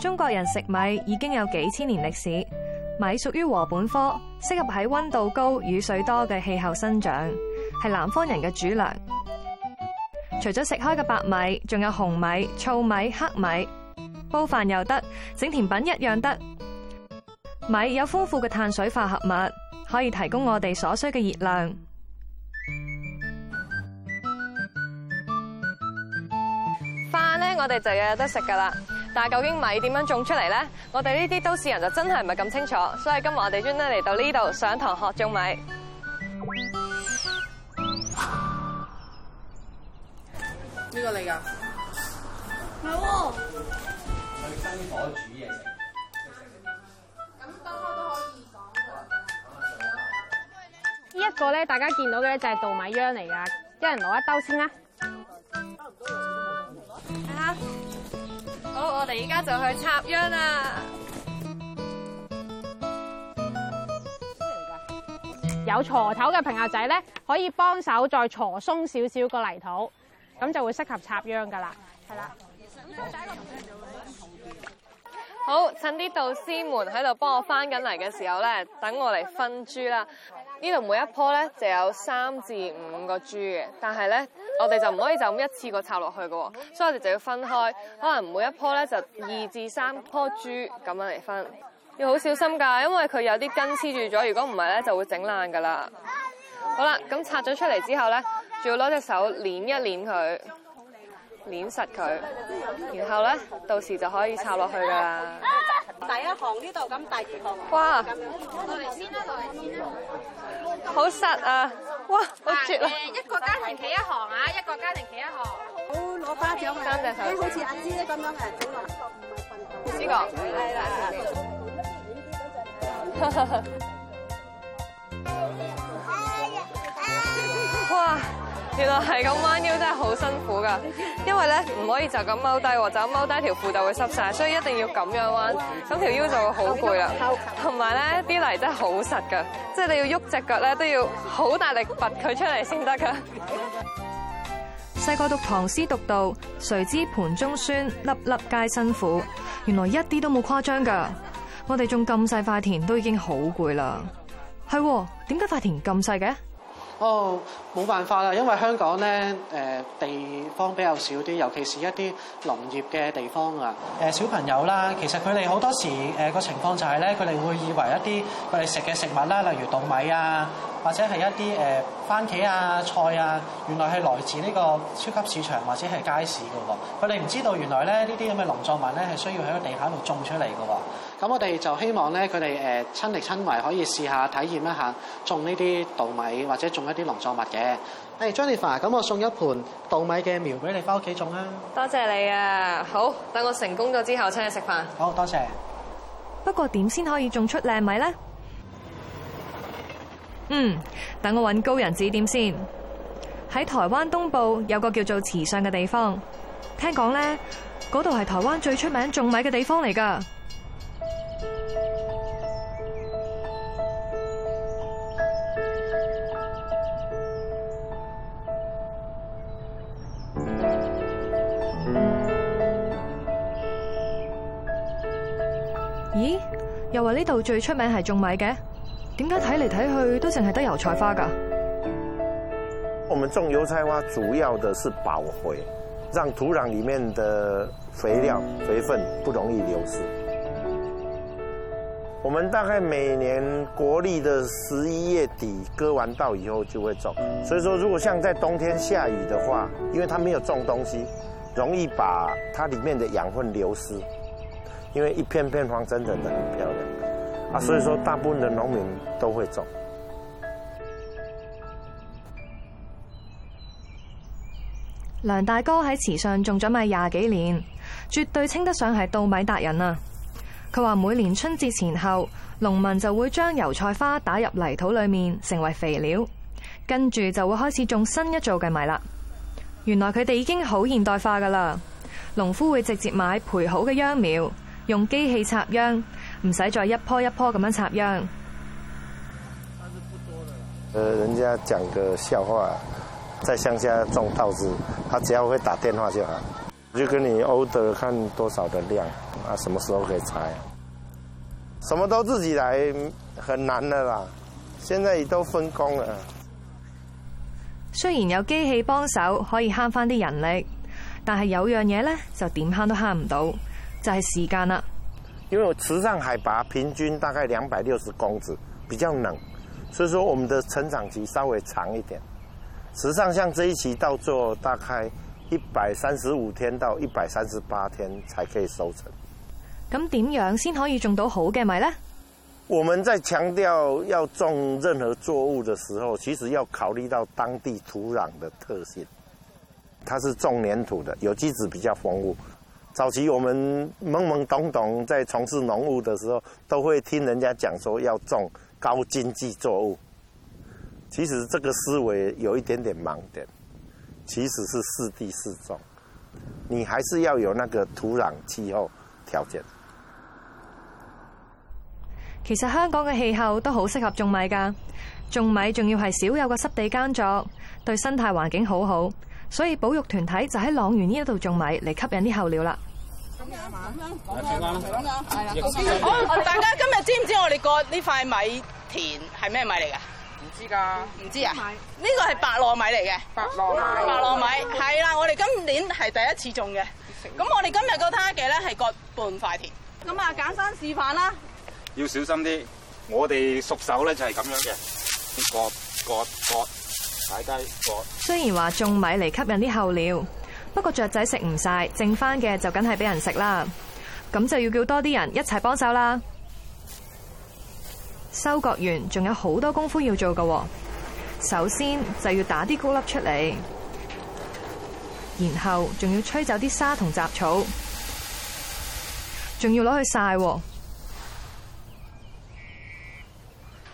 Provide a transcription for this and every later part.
中國人食米已經有幾千年歷史，米屬於禾本科。適合喺溫度高、雨水多嘅氣候生長，係南方人嘅主糧。除咗食開嘅白米，仲有紅米、糙米、黑米煲飯，煲飯又得，整甜品一樣得。米有豐富嘅碳水化合物，可以提供我哋所需嘅熱量。飯呢，我哋就有得食噶啦。但係究竟米點樣種出嚟咧？我哋呢啲都市人就真係唔係咁清楚，所以今日我哋專登嚟到呢度上堂學種米這個的。呢、哦、個嚟噶？唔係喎。去生火煮嘢食。咁兜開都可以講。呢一個咧，大家見到嘅咧就係稻米秧嚟噶，人拿一人攞一兜先啦。我哋而家就去插秧啦。有鋤頭嘅朋友仔咧，可以幫手再鋤鬆少少個泥土，咁就會適合插秧噶啦。係啦。好，趁啲導師們喺度幫我翻緊嚟嘅時候咧，等我嚟分豬啦。呢度每一棵咧就有三至五個株嘅，但係咧我哋就唔可以就咁一次過插落去嘅，所以我哋就要分開，可能每一棵咧就二至三棵株咁樣嚟分。要好小心噶，因為佢有啲根黐住咗，如果唔係咧就會整爛噶啦。好啦，咁插咗出嚟之後咧，仲要攞隻手捻一捻佢，捻實佢，然後咧到時就可以插落去噶啦。第一行呢度咁，第二行。哇！落嚟先啦，落嚟先啦。嗯、renamed, 好實啊！哇，好絕啊！一個家庭企一行啊，一個家庭企一行。好攞花錢，三隻手，好似阿芝咁樣嘅。呢個係啦。 原來係咁，彎腰真係好辛苦噶，因為咧唔可以就咁踎低，就咁踎低條褲就會濕晒，所以一定要咁樣彎，咁條腰就會好攰啦。同埋咧啲泥真係好實噶，即係你要喐隻腳咧都要好大力拔佢出嚟先得噶。細個讀唐詩讀到誰知盤中餐，粒粒皆辛苦，原來一啲都冇誇張噶。我哋種咁細塊田都已經好攰啦，係喎，點解塊田咁細嘅？哦，冇辦法啦，因為香港咧、呃、地方比較少啲，尤其是一啲農業嘅地方啊、呃。小朋友啦，其實佢哋好多時個、呃、情況就係咧，佢哋會以為一啲佢哋食嘅食物啦，例如稻米啊。或者係一啲誒番茄啊、菜啊，原來係來自呢個超級市場或者係街市嘅喎。佢哋唔知道原來咧呢啲咁嘅農作物咧係需要喺個地下度種出嚟嘅喎。咁我哋就希望咧佢哋誒親力親為可以試下體驗一下種呢啲稻米或者種一啲農作物嘅。誒、hey，Jennifer，咁我送一盆稻米嘅苗俾你翻屋企種啦。多謝你啊！好，等我成功咗之後請你食飯。好多謝。不過點先可以種出靚米咧？嗯，等我搵高人指點先。喺台灣東部有個叫做池上嘅地方聽說，聽講咧，嗰度係台灣最出名種米嘅地方嚟噶。咦？又話呢度最出名係種米嘅？點解睇嚟睇去都淨係得油菜花噶？我們種油菜花主要的是保肥，讓土壤裏面的肥料、肥分不容易流失。我們大概每年國曆的十一月底割完稻以後就會種，所以說如果像在冬天下雨的話，因為它沒有種東西，容易把它裏面的養分流失，因為一片片黃橙橙的很漂亮。啊，所以說大部分的農民都會種。梁大哥喺池上種咗米廿幾年，絕對稱得上係稻米達人啊！佢話每年春節前後，農民就會將油菜花打入泥土裏面，成為肥料，跟住就會開始種新一造嘅米啦。原來佢哋已經好現代化噶啦，農夫會直接買培好嘅秧苗，用機器插秧。唔使再一棵一棵咁樣插秧。人家講個笑話，在鄉下種稻子，他只要會打電話就好，就跟你 order 看多少的量，啊，什麼時候可以採？什麼都自己來，很難的啦。現在都分工了。雖然有機器幫手，可以慳翻啲人力，但係有樣嘢咧，就點慳都慳唔到，就係、就是、時間啦。因為我池上海拔平均大概兩百六十公尺，比較冷，所以說我們的成長期稍微長一點。池上像這一期到做大概一百三十五天到一百三十八天才可以收成。咁點樣先可以種到好嘅米呢？我們在強調要種任何作物的時候，其實要考慮到當地土壤的特性。它是種粘土的，有機質比較豐富。早期我們懵懵懂懂在從事農務的時候，都會聽人家講說要種高經濟作物。其實這個思維有一點點盲點，其實是適地適種，你還是要有那個土壤氣候條件。其實香港嘅氣候都好適合種米噶，種米仲要係少有個濕地耕作，對生態環境好好。所以保育團體就喺塱原呢一度種米嚟，吸引啲候鳥啦。咁啊嘛咁樣。係啦。係啦。好，大家今日知唔知我哋割呢塊米田係咩米嚟嘅？唔知噶。唔知啊？呢個係白糯米嚟嘅。白糯米。白糯米係啦，我哋今年係第一次種嘅。咁我哋今日個 target 咧係割半塊田。咁啊，簡生示範啦。要小心啲，我哋熟手咧，就係咁樣嘅，割割割。雖然話種米嚟吸引啲候鳥，不過雀仔食唔晒，剩翻嘅就梗係俾人食啦。咁就要叫多啲人一齊幫手啦。收割完仲有好多功夫要做㗎喎。首先就要打啲穀粒出嚟，然後仲要吹走啲沙同雜草，仲要攞去曬。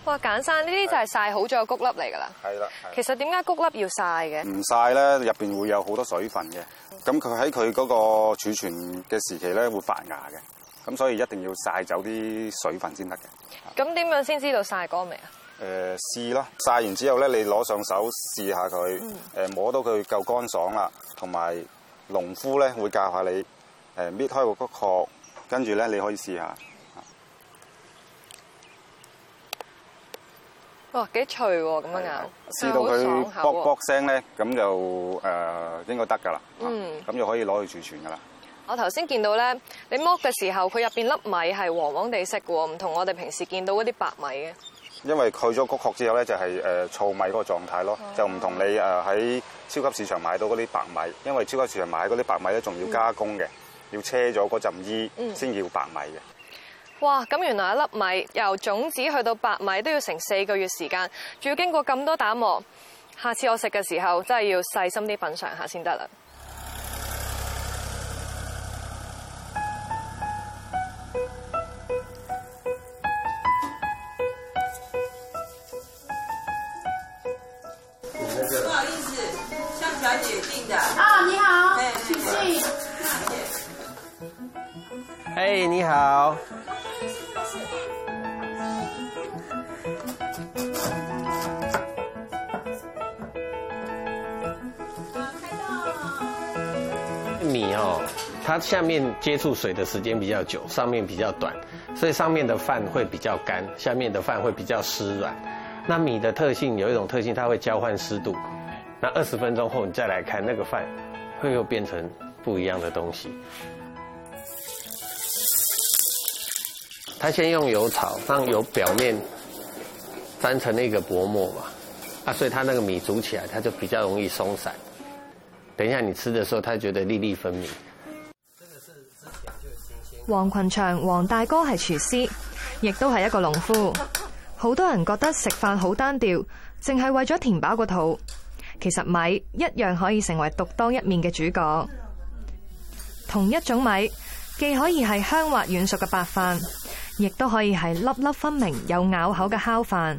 哇，簡生呢啲就係晒好咗嘅谷粒嚟㗎啦。係啦。其實點解谷粒要晒嘅？唔晒咧，入邊會有好多水分嘅。咁佢喺佢嗰個儲存嘅時期咧，會發芽嘅。咁所以一定要晒走啲水分先得嘅。咁點樣先知道晒乾未啊？誒、呃，試啦！晒完之後咧，你攞上手試下佢，誒、嗯、摸到佢夠乾爽啦，同埋農夫咧會教下你，誒搣開個谷殼，跟住咧你可以試下。哇，幾、哦、脆喎！咁的樣硬，的試到佢卜卜聲咧，咁就誒、呃、應該得㗎啦。嗯，咁就可以攞去儲存㗎啦。我頭先見到咧，你剝嘅時候，佢入面粒米係黃黃地色嘅喎，唔同我哋平時見到嗰啲白米嘅。因為去咗谷殼之後咧，就係誒糙米嗰個狀態咯，嗯、就唔同你喺超級市場買到嗰啲白米。因為超級市場買嗰啲白米咧，仲要加工嘅，嗯、要車咗嗰陣衣先叫白米嘅。哇！咁原來一粒米由種子去到白米都要成四個月時間，仲要經過咁多打磨，下次我食嘅時候，真係要細心啲品嚐下先得啦。不好意思，向小姐訂嘅。啊，你好，請進嘿。哎，你好。它下面接觸水的時間比較久，上面比較短，所以上面的飯會比較乾，下面的飯會比較濕軟。那米的特性有一種特性，它會交換濕度。那二十分鐘後你再來看那個飯，會又變成不一樣的東西。它先用油炒，讓油表面粘成那個薄膜嘛，啊，所以它那個米煮起來它就比較容易鬆散。等一下你吃的時候，它覺得粒粒分明。黃群祥，黃大哥係廚師，亦都係一個農夫。好多人覺得食飯好單調，淨係為咗填飽個肚。其實米一樣可以成為獨當一面嘅主角。同一種米，既可以係香滑軟熟嘅白飯，亦都可以係粒粒分明有咬口嘅烤飯。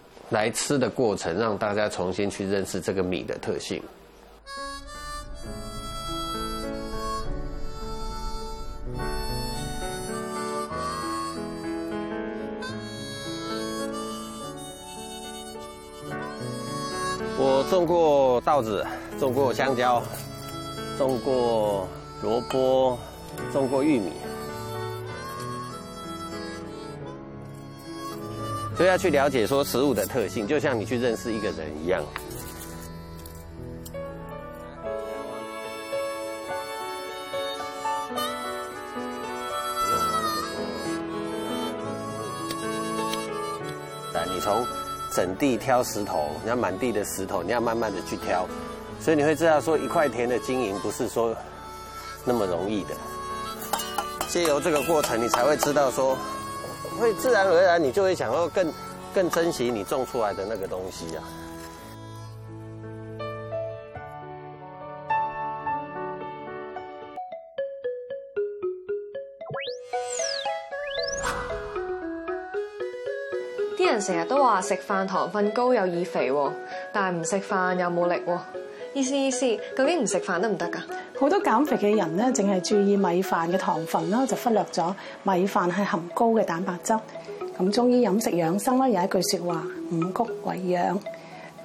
來吃的過程，讓大家重新去認識這個米的特性。我種過稻子，種過香蕉，種過蘿蔔，種過玉米。都要去了解說，食物的特性，就像你去認識一個人一樣來。但你從整地挑石頭，你要滿地的石頭，你要慢慢的去挑，所以你會知道說一塊田的經營不是說那麼容易的。借由這個過程，你才會知道說。會自然而然，你就會想要更更珍惜你種出來的那個東西啊。啲人成日都話，食飯糖分高又易肥，但係唔食飯又冇力，意思意思，究竟唔食飯得唔得噶？好多減肥嘅人咧，淨係注意米飯嘅糖分啦，就忽略咗米飯係含高嘅蛋白質。咁中醫飲食養生咧有一句説話：五穀為養，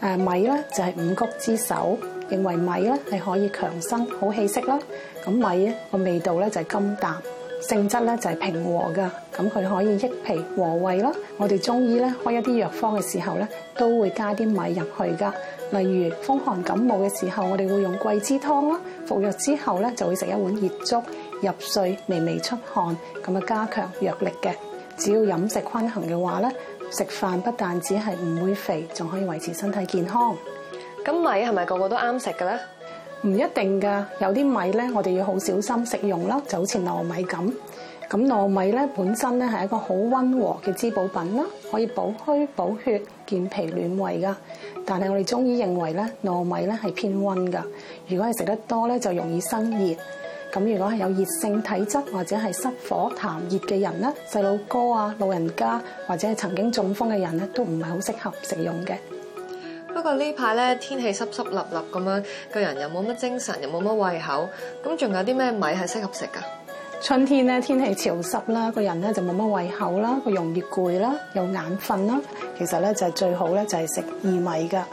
誒米咧就係五穀之首，認為米咧係可以強身、好氣色啦。咁米咧個味道咧就係甘淡。性質咧就係平和嘅，咁佢可以益脾和胃啦。我哋中醫咧開一啲藥方嘅時候咧，都會加啲米入去㗎。例如風寒感冒嘅時候，我哋會用桂枝湯啦。服藥之後咧，就會食一碗熱粥入睡，微微出汗，咁啊加強藥力嘅。只要飲食均衡嘅話咧，食飯不但只係唔會肥，仲可以維持身體健康。咁米係咪個個都啱食嘅咧？唔一定噶，有啲米咧，我哋要好小心食用啦，就好似糯米咁。咁糯米咧本身咧係一個好溫和嘅滋補品啦，可以補虛補血、健脾暖胃噶。但係我哋中醫認為咧，糯米咧係偏溫噶，如果係食得多咧就容易生熱。咁如果係有熱性體質或者係濕火痰熱嘅人咧，細路哥啊、老人家或者係曾經中風嘅人咧，都唔係好適合食用嘅。不過呢排咧天氣濕濕立立咁樣，個人又冇乜精神，又冇乜胃口，咁仲有啲咩米係適合食噶？春天咧天氣潮濕啦，個人咧就冇乜胃口啦，佢容易攰啦，又眼瞓啦，其實咧就係最好咧就係食薏米噶。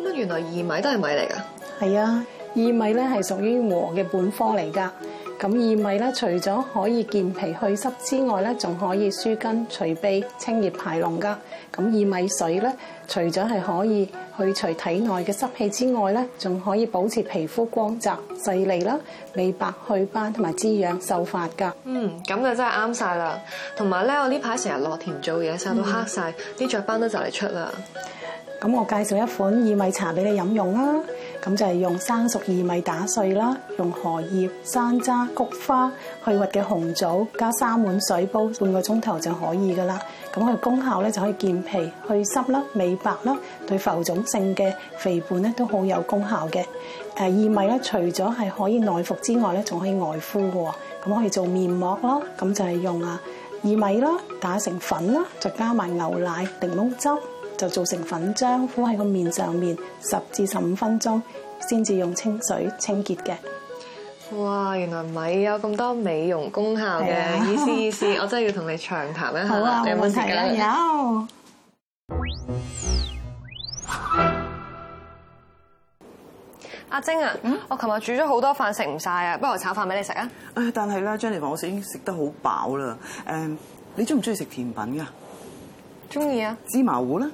咁原來薏米都係米嚟噶？係啊，薏米咧係屬於禾嘅本科嚟噶。咁薏米咧，除咗可以健脾祛濕之外咧，仲可以舒筋除痹、清熱排膿噶。咁薏米水咧，除咗係可以去除體內嘅濕氣之外咧，仲可以保持皮膚光澤、細膩啦、美白去斑同埋滋養秀髮噶。嗯，咁就真係啱晒啦。同埋咧，我呢排成日落田做嘢，晒到黑晒，啲雀斑都就嚟出啦。咁我介紹一款薏米茶俾你飲用啦。咁就係用生熟薏米打碎啦，用荷葉、山楂、菊花、去核嘅紅棗，加三碗水煲半個鐘頭就可以㗎喇。咁佢功效咧就可以健脾、去濕啦、美白啦，對浮腫性嘅肥胖咧都好有功效嘅。誒，薏米咧，除咗係可以內服之外咧，仲可以外敷嘅喎。咁可以做面膜啦。咁就係用啊薏米啦，打成粉啦，就加埋牛奶、檸檬汁。就做成粉漿敷喺個面上面，十至十五分鐘，先至用清水清潔嘅。哇！原來米有咁多美容功效嘅，意思意思，我真係要同你長談一下啦。好，有冇問題？有。阿晶啊，啊，我琴日煮咗好多飯食唔晒啊，不如我炒飯俾你食啊。但係咧，Jenny 話我食已經食得好飽啦。誒，你中唔中意食甜品噶？中意歡啊。芝麻糊咧？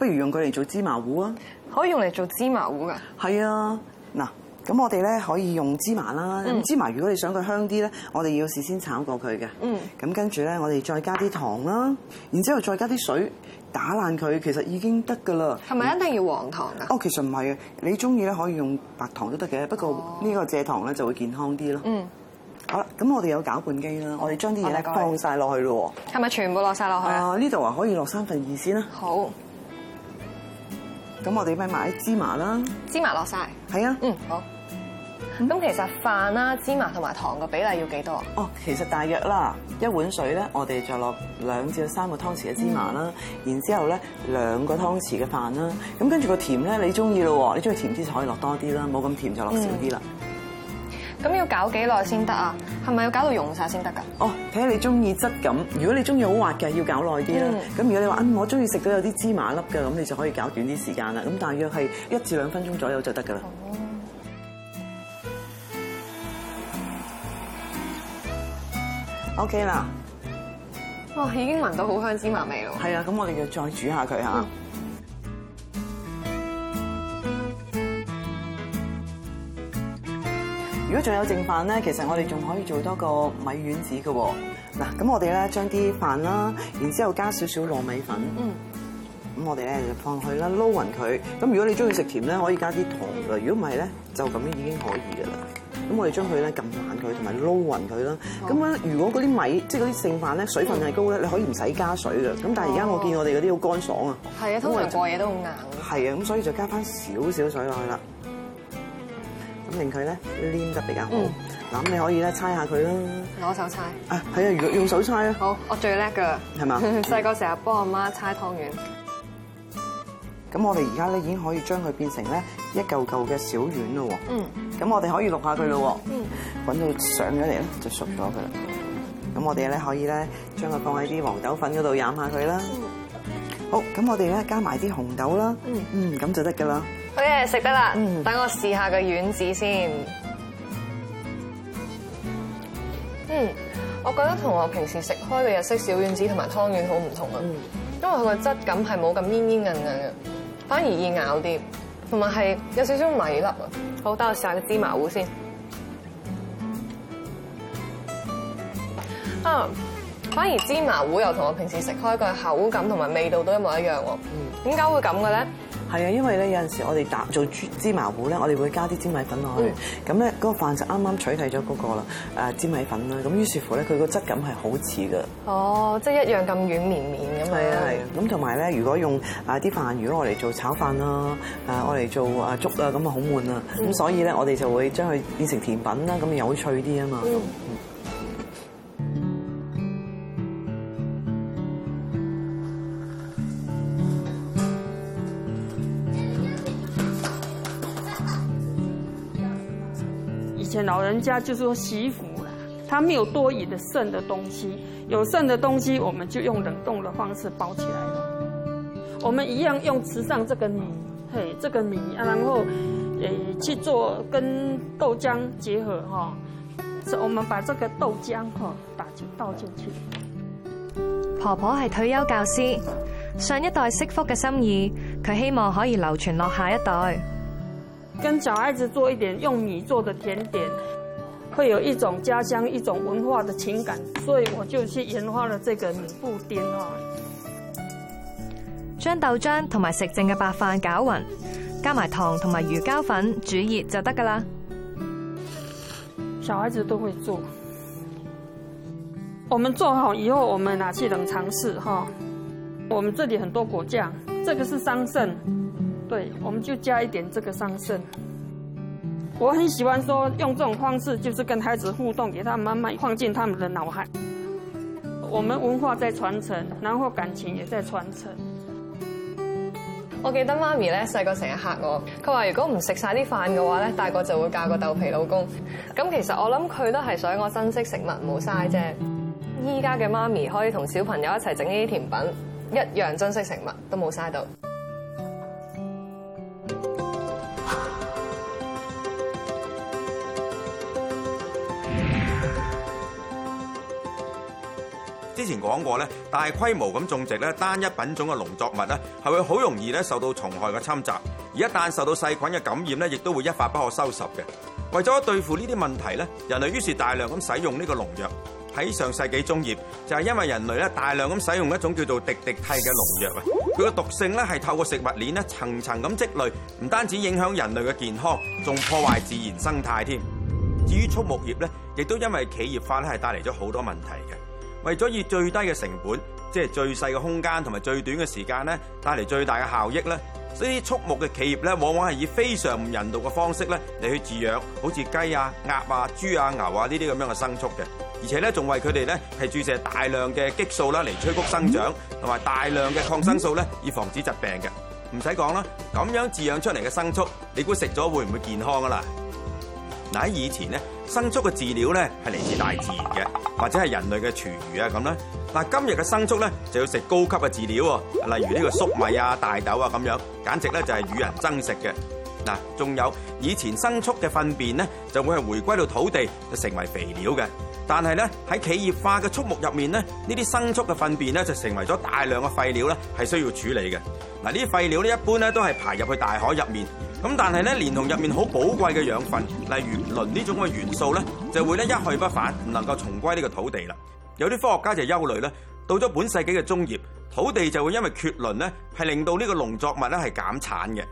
不如用佢嚟做芝麻糊啊！可以用嚟做芝麻糊㗎。係啊，嗱，咁我哋咧可以用芝麻啦。嗯、芝麻如果你想佢香啲咧，我哋要事先炒過佢嘅。嗯。咁跟住咧，我哋再加啲糖啦，然之後再加啲水打爛佢，其實已經得㗎啦。係咪一定要黃糖㗎？哦，其實唔係啊。你中意咧可以用白糖都得嘅。不過呢個蔗糖咧就會健康啲咯。嗯、哦。好啦，咁我哋有攪拌機啦、哦嗯，我哋將啲嘢咧放晒落去咯喎。係咪全部落晒落去？係啊，呢度啊，可以落三分二先啦。好。咁我哋咪買芝麻啦是、啊，芝麻落晒，係啊，嗯，好。咁其實飯啦、芝麻同埋糖嘅比例要幾多啊？哦，其實大約啦，一碗水咧，我哋就落兩至三個湯匙嘅芝麻啦，然之後咧兩個湯匙嘅飯啦，咁跟住個甜咧，你中意咯喎，你中意甜啲就可以落多啲啦，冇咁甜就落少啲啦。咁要搞幾耐先得啊？係咪要搞到溶晒先得噶？哦，睇下你中意質感。如果你中意好滑嘅，要搞耐啲啦。咁如果你話，嗯，我中意食到有啲芝麻粒嘅，咁你就可以搞短啲時間啦。咁大約係一至兩分鐘左右就得噶啦。OK 啦。哇，已經聞到好香芝麻味咯。係啊，咁我哋就再煮下佢嚇。如果仲有剩飯咧，其實我哋仲可以做多個米丸子嘅喎。嗱，咁我哋咧將啲飯啦，然之後加少少糯米粉，嗯，咁我哋咧就放去啦，撈勻佢。咁如果你中意食甜咧，可以加啲糖嘅。如果唔係咧，就咁已經可以噶啦。咁我哋將佢咧撳爛佢，同埋撈勻佢啦。咁如果嗰啲米，即係嗰啲剩飯咧，水分係高咧，你可以唔使加水嘅。咁但係而家我見我哋嗰啲好乾爽啊，通常過夜都好硬。係啊，咁所以就加翻少少水落去啦。令佢咧黏得比較好。嗱，咁你可以咧猜下佢啦，攞手猜。啊，係啊，如果用手猜啊。好，我最叻噶嗎，係嘛？細個成日幫阿媽猜湯圓。咁我哋而家咧已經可以將佢變成咧一嚿嚿嘅小丸咯喎。嗯。咁我哋可以錄下佢咯喎。嗯。滾到上咗嚟咧，就熟咗佢啦。咁我哋咧可以咧將佢放喺啲黃豆粉嗰度飲下佢啦。好，咁我哋咧加埋啲紅豆啦，嗯，嗯，咁就得噶啦。好嘢，食得啦。嗯，等我試下個丸子先。嗯，我覺得同我平時食開嘅日式小丸子同埋湯圓好唔同啊，因為佢個質感係冇咁黏黏韌韌嘅，反而易咬啲，同埋係有少少米粒啊。好，等我試下個芝麻糊先。啊！反而芝麻糊又同我平時食開個口感同埋味道都一模一樣喎。點解會咁嘅咧？係啊，因為咧有陣時我哋打做芝麻糊咧，我哋會加啲芝麻粉落去，咁咧嗰個飯就啱啱取締咗嗰個啦。誒，芝麻粉啦，咁於是乎咧，佢個質感係好似嘅。哦，即係一樣咁軟綿綿咁啊！係啊，係。咁同埋咧，如果用啊啲飯，如果我嚟做炒飯啦，啊我嚟做啊粥啊，咁啊好悶啊。咁所以咧，我哋就會將佢變成甜品啦，咁有趣啲啊嘛。老人家就是說媳婦啦，他沒有多餘的剩的東西，有剩的東西我們就用冷凍的方式包起來，我們一樣用池上這個米，嘿，這個米啊，然後誒去做跟豆漿結合哈。所以我們把這個豆漿哦，打就倒進去。婆婆係退休教師，上一代惜福嘅心意，佢希望可以流傳落下一代。跟小孩子做一點用米做的甜點，會有一種家鄉、一種文化的情感，所以我就去研發了這個米布丁。哦。將豆漿同埋食剩嘅白飯攪勻，加埋糖同埋魚膠粉，煮熱就得噶啦。小孩子都會做。我們做好以後，我們拿去冷藏室哈。我們這裏很多果醬，這個是桑葚。對，我們就加一點這個桑葚。我很喜歡說用這種方式，就是跟孩子互動，給他慢慢放進他們的腦海。我們文化在傳承，然後感情也在傳承。我記得媽咪咧，細個成日嚇我，佢話如果唔食晒啲飯嘅話咧，大個就會嫁個豆皮老公。咁其實我諗佢都係想我珍惜食物，冇嘥啫。依家嘅媽咪可以同小朋友一齊整呢啲甜品，一樣珍惜食物，都冇嘥到。之前講過咧，大規模咁種植咧，單一品種嘅農作物咧，係會好容易咧受到蟲害嘅侵襲，而一旦受到細菌嘅感染咧，亦都會一發不可收拾嘅。為咗對付呢啲問題咧，人類於是大量咁使用呢個農藥。喺上世紀中葉，就係因為人類咧大量咁使用一種叫做滴滴涕嘅農藥啊，佢嘅毒性咧係透過食物鏈咧層層咁積累，唔單止影響人類嘅健康，仲破壞自然生態添。至於畜牧業咧，亦都因為企業化咧係帶嚟咗好多問題嘅。為咗以最低嘅成本，即係最細嘅空間同埋最短嘅時間咧，帶嚟最大嘅效益咧，所以畜牧嘅企業咧，往往係以非常唔人道嘅方式咧嚟去飼養，好似雞啊、鴨啊、豬啊、牛啊呢啲咁樣嘅牲畜嘅，而且咧仲為佢哋咧係注射大量嘅激素啦嚟催谷生長，同埋大量嘅抗生素咧以防止疾病嘅。唔使講啦，咁樣飼養出嚟嘅牲畜，你估食咗會唔會健康噶啦？嗱喺以前咧。生畜嘅飼料咧係嚟自大自然嘅，或者係人類嘅廚餘啊咁啦。嗱，今日嘅牲畜咧就要食高級嘅飼料，例如呢個粟米啊、大豆啊咁樣，簡直咧就係與人爭食嘅。嗱，仲有以前牲畜嘅糞便咧，就會係回歸到土地，就成為肥料嘅。但係咧喺企業化嘅畜牧入面咧，呢啲牲畜嘅糞便咧就成為咗大量嘅廢料咧，係需要處理嘅。嗱，呢啲廢料咧一般咧都係排入去大海入面。咁但係咧，連同入面好寶貴嘅養分，例如磷呢種嘅元素咧，就會咧一去不返，唔能夠重歸呢個土地啦。有啲科學家就憂慮咧，到咗本世紀嘅中葉，土地就會因為缺磷咧，係令到呢個農作物咧係減產嘅。